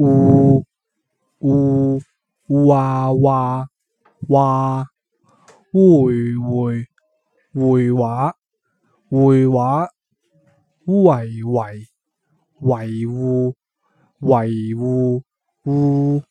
嗚嗚哇哇哇，回回繪畫繪畫，喂喂，維護維護嗚。